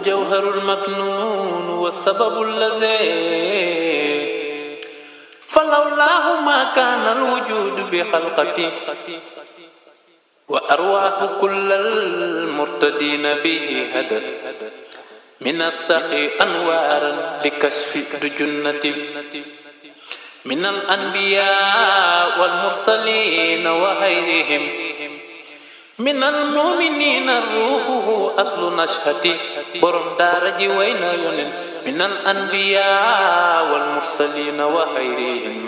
الجوهر المكنون والسبب الذي فلولاه ما كان الوجود بخلقتي وأرواح كل المرتدين به هدى من السخي أنوارا لكشف دجنتي من الأنبياء والمرسلين وغيرهم minal muminina ruuhu aslu nashati borom daara ji way na yonen minal anbiya wal mursalina wa xayrihim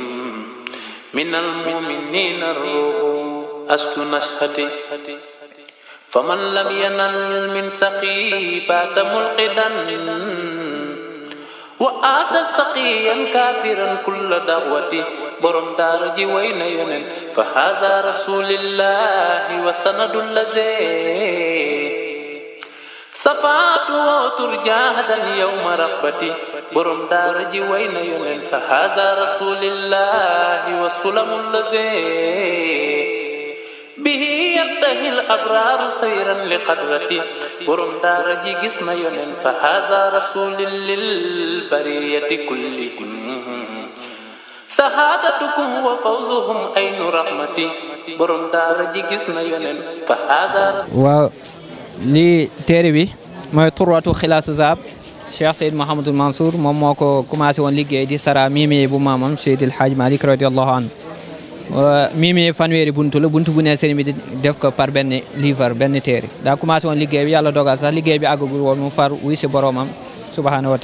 minal muminina ruuhu aslu nashati faman lam yanal min saqi baata mulqidan wa aasa saqiyan kaafiran kulla dawati borom daara ji way na yonen fa haza rasulillahi wa sanadu laze safaatu wootur jaadan yowma rabbati borom daara ji way na yonen fa haza rasulillahi wa sulamu laze bihi yaddahil abraaru sayran li qadrati borom daara ji gis na yonen fa haza rasulil lil bariyati kullihim saxaadatukum wa fawzuhum aynu rahmati borom daara ji gis na waaw lii téere bi mooy turwatu xilaasu zaab Cheikh Seyd Mahamadul Mansour moom moo ko commencé woon liggéey di sara mimi bu maamam Seydil Hadj Malick radiyallahu anhu mimi fanweeri buntu la buntu bu ne sëriñ ko par benn livre benn téere daa commencé woon liggéey bi yàlla dogal sax liggéey bi àggagul woon far wuy si boroomam subhaanahu wa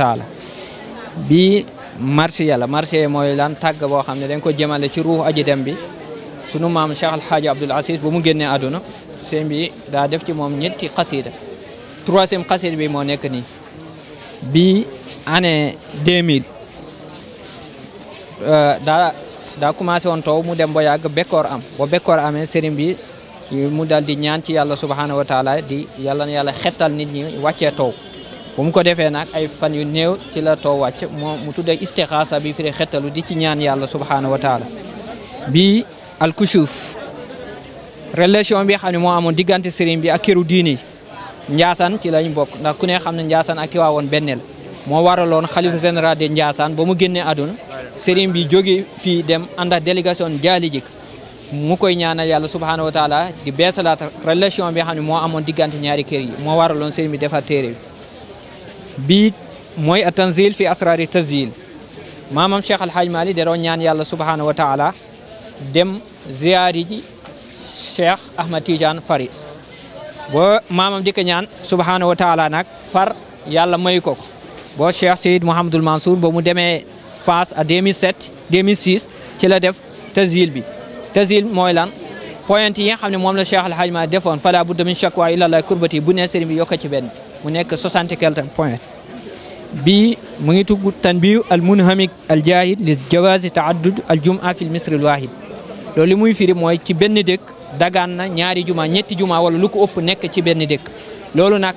marsiya la marsiya mooy lan tàgg boo xam ne dañ ko jëmale ci ruux aji dem bi sunu maam Cheikh Al Hadj Abdoul Aziz mu génnee àdduna sëñ bi daa def ci moom ñetti xasida troisième xasida bi moo nekk nii bi année 2000 euh, daa daa commencé woon taw mu dem ba yàgg bekkoor am ba bekkoor amee sëriñ bi mu dal di ñaan ci yàlla subhanahu wa taala di yàlla na yàlla xettal nit ñi wàccee tow bu mu ko defee nag ay fan yu néew ci la taw wàcc moo mu tudde istixaasa bi firi xettalu di ci ñaan yàlla subhaanahu wa taala bi alkushuf relation bi xam ne moo amoon diggante sëriñ bi ak këru diini njaasaan ci lañ bokk ndax ku ne xam ne njaasaan ak ki waa woon moo waraloon xalifa général de njaasaan ba mu génnee àdduna sëriñ bi jóge fii dem ànd ak délégation jaali jik mu koy ñaanal yàlla subhaanahu wa taala di beesalaat relation bi xam ne moo amoon diggante ñaari kër yi moo waraloon sëriñ bi defar téere bi bii mooy a tanzil fi asraari tazil maamam Cheikh Al Hadj Mali da ñaan yàlla subhaanahu wa taala dem ziyaari ji Cheikh Ahmad Tidiane Faris boo maamam di ko ñaan subhaanahu wa taala far yàlla may ko ko boo Cheikh Seyd Mouhamadul Mansour ba mu demee Fass à 2007 2006 ci la def tazil bi tazil mooy lan point yi nga xam ne moom la Cheikh Al Hadj defoon fala budda min shakwa ila la kurbati bu ne sëriñ bi yokk ci benn. mu nekk soixante quelque point bii mu ngi tugg tanbiyu al munhamik al jaahid li jawaazi taaddud al jumaa fil misri waahid loolu li muy firi mooy ci benn dëkk dagaan na ñaari juma ñetti juma wala lu ko ëpp nekk ci benn dëkk loolu nag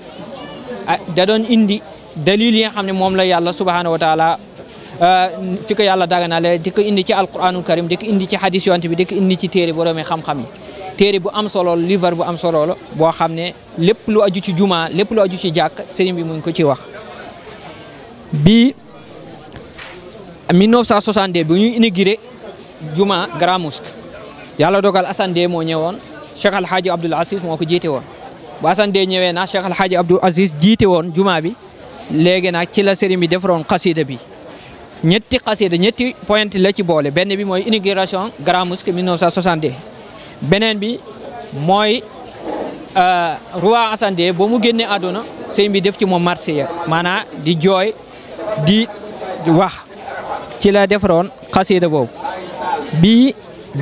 ah, da doon indi dalil yi nga xam ne moom la yàlla subhaanahu wa taala ah, fi ko yàlla daganaale di ko indi ci alquranul karim di ko indi ci hadis yonent bi di indi ci téere boroomi xam-xam yi téere bu am solo la bu am solo la boo xam ne lépp lu aju ci jumaa lépp lu aju ci jàkk sëriñ bi mu ngi ko ci wax bi 1962 bu ñuy inauguré juma Grand Mosquée yàlla dogal Assane Deye moo ñëwoon Cheikh Al Hadj Abdoul Aziz moo ko jiite woon bu Assane ñëwee naa Cheikh Al Hadj Abdoul jiite woon jumaa bi léegi nag ci la sëriñ bi def defaroon xasida bi ñetti xasida ñetti point la ci boole benn bi mooy inauguration Grand Mosquée 1962 beneen bi mooy euh, roi Assane Dié ba mu génnee àdduna sëñ bi def ci moom ya maanaam di jooy di wax ci la defaroon xasida boobu bii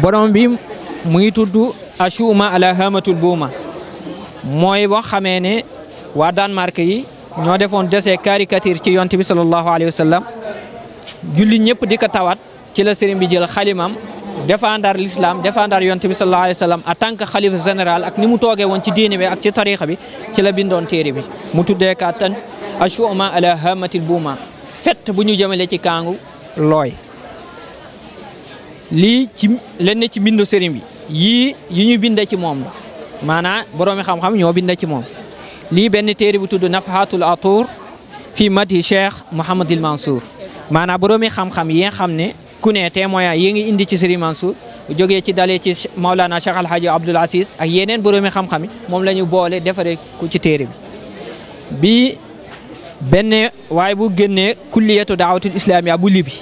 borom bi mu ngi tudd ashuuma ala hamatul buuma mooy boo xamee ne waa Danemark yi ñoo defoon desee caricature ci yonte bi sallallahu alayhi wa julli ñëpp di ko tawat ci la sëriñ bi jël xalimam défendar l'islam défendar yonte bi sallallahu alayhi wa sallam en tant ak ni mu toogee woon ci diine bi ak ci tarixa bi ci la bindoon téere bi mu tuddee kàttan ashuma ala hamatil buuma fet bu ñu jëmale ci kàngu looy lii ci lenn ci mbindu sëriñ bi yii yi ñu binde ci moom la maanaam boroomi xam ñoo binde ci moom lii benn téere bu tudd nafhatul atour fii madi cheikh mouhamadil mansour maanaam boroomi xam-xam yi xam ne ku ne témoignage yi ngi indi ci Serigne Mansour jógee ci dalee ci Maulana Cheikh Alhaji Abdoul Aziz ak yeneen boroomi xam-xam yi moom la ñu boole defaree ku ci téere bi bi benn waaye bu génnee kulliyatu daawatul islamiya bu libi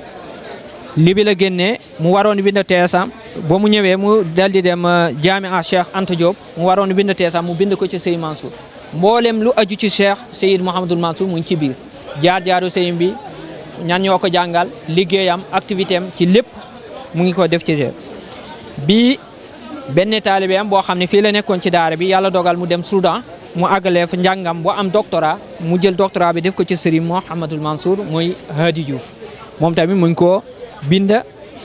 libi la génnee mu waroon bind teesam ba mu ñëwee mu dal di dem uh, jaamia Cheikh Anta Diop mu waroon bind teesam mu bind ko ci Serigne Mansour mboolem lu aju ci Cheikh Seyyid Mouhamadul Mansour mu ngi ci biir jaar jaaro Serigne bi def ñan ñoo ko jàngal liggéeyam activité am ci lépp mu ngi ko def ci bi benn taalibe boo xam ne fii la nekkoon ci daara bi yàlla dogal mu dem Soudan mu àggalee fu njàngam bu am doctorat mu jël doctorat bi def ko ci sëriñ Mouhamadul Mansour mooy Hadi Diouf moom tamit mu ngi ko bind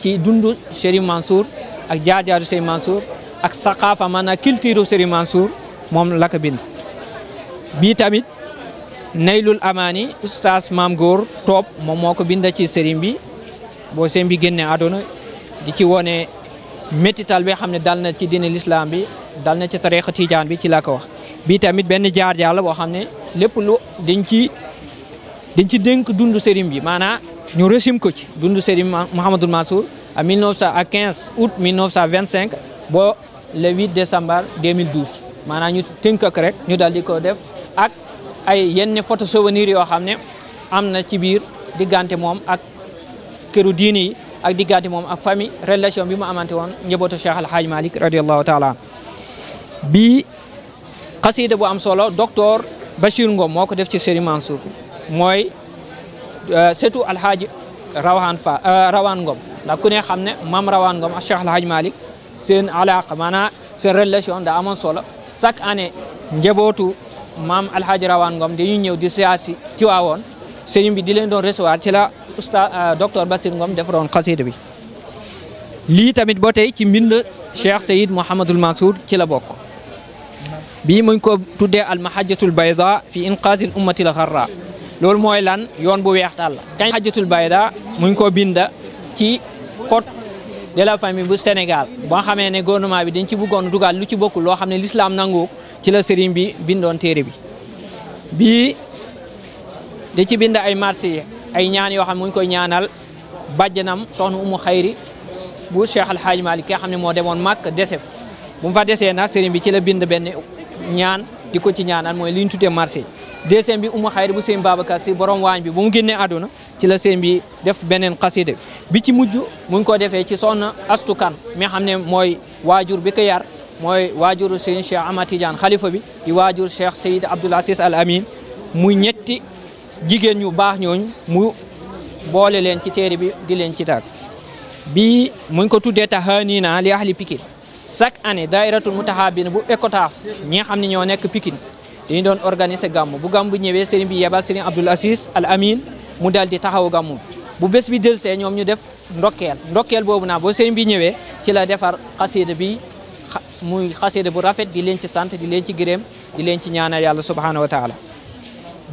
ci dundu sëriñ Mansour ak jaar-jaaru sëriñ Mansour ak saqaafa maanaam culture sëriñ Mansour moom la bind bi tamit naylul amaani oustaz maam góor toob moom moo ko bind ci sëriñ bi boo sëriñ bi génne àdduna di ci wone métital bee xam ne dal na ci diine lislaam bi dal na ci tariqa tijaan bi ci laa ko wax bii tamit benn jaar-jaar la boo xam ne lépp lu dañ ci dañ ci dénk dund sëriñ bi maanaa ñu resim ko ci dund sëriñ Mouhamadul Mansour à 1915 août 1925 ba le 8 décembre 2012 maanaa ñu tënk rek ñu dal di ko def ay yenn photo souvenir yoo xam ne am na ci biir diggante moom ak këru diini ak diggante moom ak famille relation bi mu amante woon njabootu Cheikh Al Hadj Malick radiyallahu taala bii xasida bu am solo docteur Bachir Ngom moo ko def ci Serigne Mansour mooy euh, surtout Al Hadj euh, Rawane Ngom ndax ku ne xam ne maam Rawane Ngom ak Cheikh Al Hadj Malick seen alaqa maanaam relation da amoon solo chaque année njabootu. maam alhaaji rawaan ngom dañuy ñëw di siyaasi Tiwaawoon sëriñ bi di leen doon recevoir ci la oustaz euh, docteur Bassir Ngom defaroon xasida bi lii tamit boo tey ci mbind Cheikh Seyid Mouhamadul Mansour ci la bokk bii muñ ko tuddee al mahajjatul bayda fi inqaasil ummatil xarra loolu mooy lan yoon bu weex tàll kañ mahajjatul bayda muñ ko binda ci code de la famille bu Sénégal boo xamee ne gouvernement bi dañ ci bëggoon dugal lu ci bokkul loo xam ne l'islam nangu ci la sëriñ bi bindoon téere bi bii di ci bind ay marsiya ay ñaan yoo xam ne mu ngi koy ñaanal bàjjanam soxna umu xayri bu Cheikh Al Hadj Malick ki nga xam ne moo demoon màkk dese bu mu fa desee na sëriñ bi ci la bind benn ñaan di ko ci ñaanal mooy li ñu tuddee marché deuxième bi umu xayri bu sëñ Babacar si borom waañ bi bu mu génnee àdduna ci la seen bi def beneen xasida bi ci mujj mu ngi ko defee ci soxna astukan mi xam ne mooy waajur bi ko yar mooy waajur Serigne Cheikh Ahmad xalifa bi di waajur Cheikh Seyyid Abdoul Aziz Al Amin muy ñetti jigéen ñu baax ñooñu mu boole leen ci téere bi di leen ci tàgg bi muñ ko tuddee tahanina li ahli Pikine chaque année dairatul mutahabina bu ECOTAF ñi nga xam ne ñoo nekk Pikine dañu doon organiser gàmm bu gàmm bu ñëwee Serigne bi yebal Serigne Abdoul Aziz Al Amin mu dal di taxaw gàmmu bu bés bi dellusee ñoom ñu def ndokkeel ndokkeel boobu naa boo Serigne bi ñëwee ci la defar xasida bi muy xasida bu rafet di leen ci sant di leen ci gërëm di leen ci ñaanal yàlla subhanahu wa taala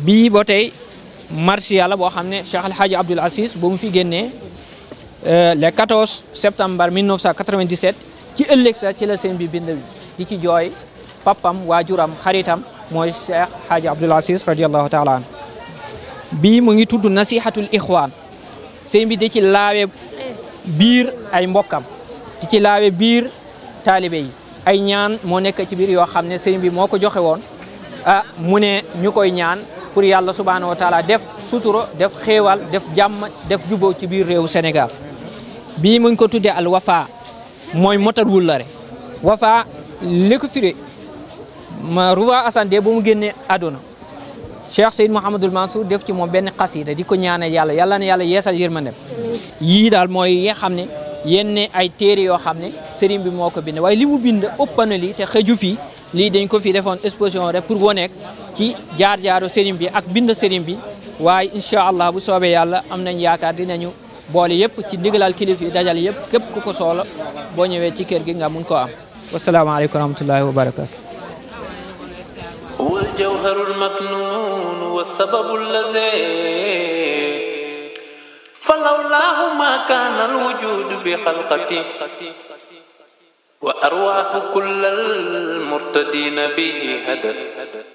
bii ba tey marché yàlla boo xam ne Cheikh El Hadj Abdoul Aziz bu mu fi génnee euh, le 14 septembre 1997 ci ëllëg sa ci la sëñ bi bind di ci jooy papam waajuram xaritam mooy Cheikh Hadj Abdoul Aziz radiallahu taala anhu bii mu ngi tudd nasihatul ixwaan sëñ bi di ci laawe biir ay mbokkam di ci laawe biir taalibe yi ay ñaan moo nekk ci biir yoo xam ne sëriñ bi moo ko joxe woon a ah, mu ne ñu koy ñaan pour yàlla subhaanahu wa def suturo def xéewal def jàmm def jubóo ci biir réewu Sénégal bii muñ ko tuddee al wafa mooy motal wullare wafa li ko firi ma Ruba Assane de bu mu génnee àdduna Cheikh Seyd Mouhamadul Mansour def ci moo benn xasida di ko ñaanal yàlla yàlla na yàlla yeesal yërmandem yii daal mooy yi ne yenn ay téere yoo xam ne sëriñ bi moo ko bind waaye li mu bind ëpp na lii te xëju fii lii dañ ko fi defoon exposition rek pour boo nekk ci jaar-jaaru sëriñ bi ak bind sëriñ bi waaye incha allah bu soobee yàlla am nañ yaakaar dinañu bool yëpp ci ndigalal kilif yi dajal yëpp képp ku ko soxla boo ñëwee ci kër gi nga mun koo am wasalaamaaleykum wa rahmatullahi wa barakatu wal jawharul maknun wa sababul lazim فلولاه ما كان الوجود بخلقتي وأرواح كل المرتدين به هدت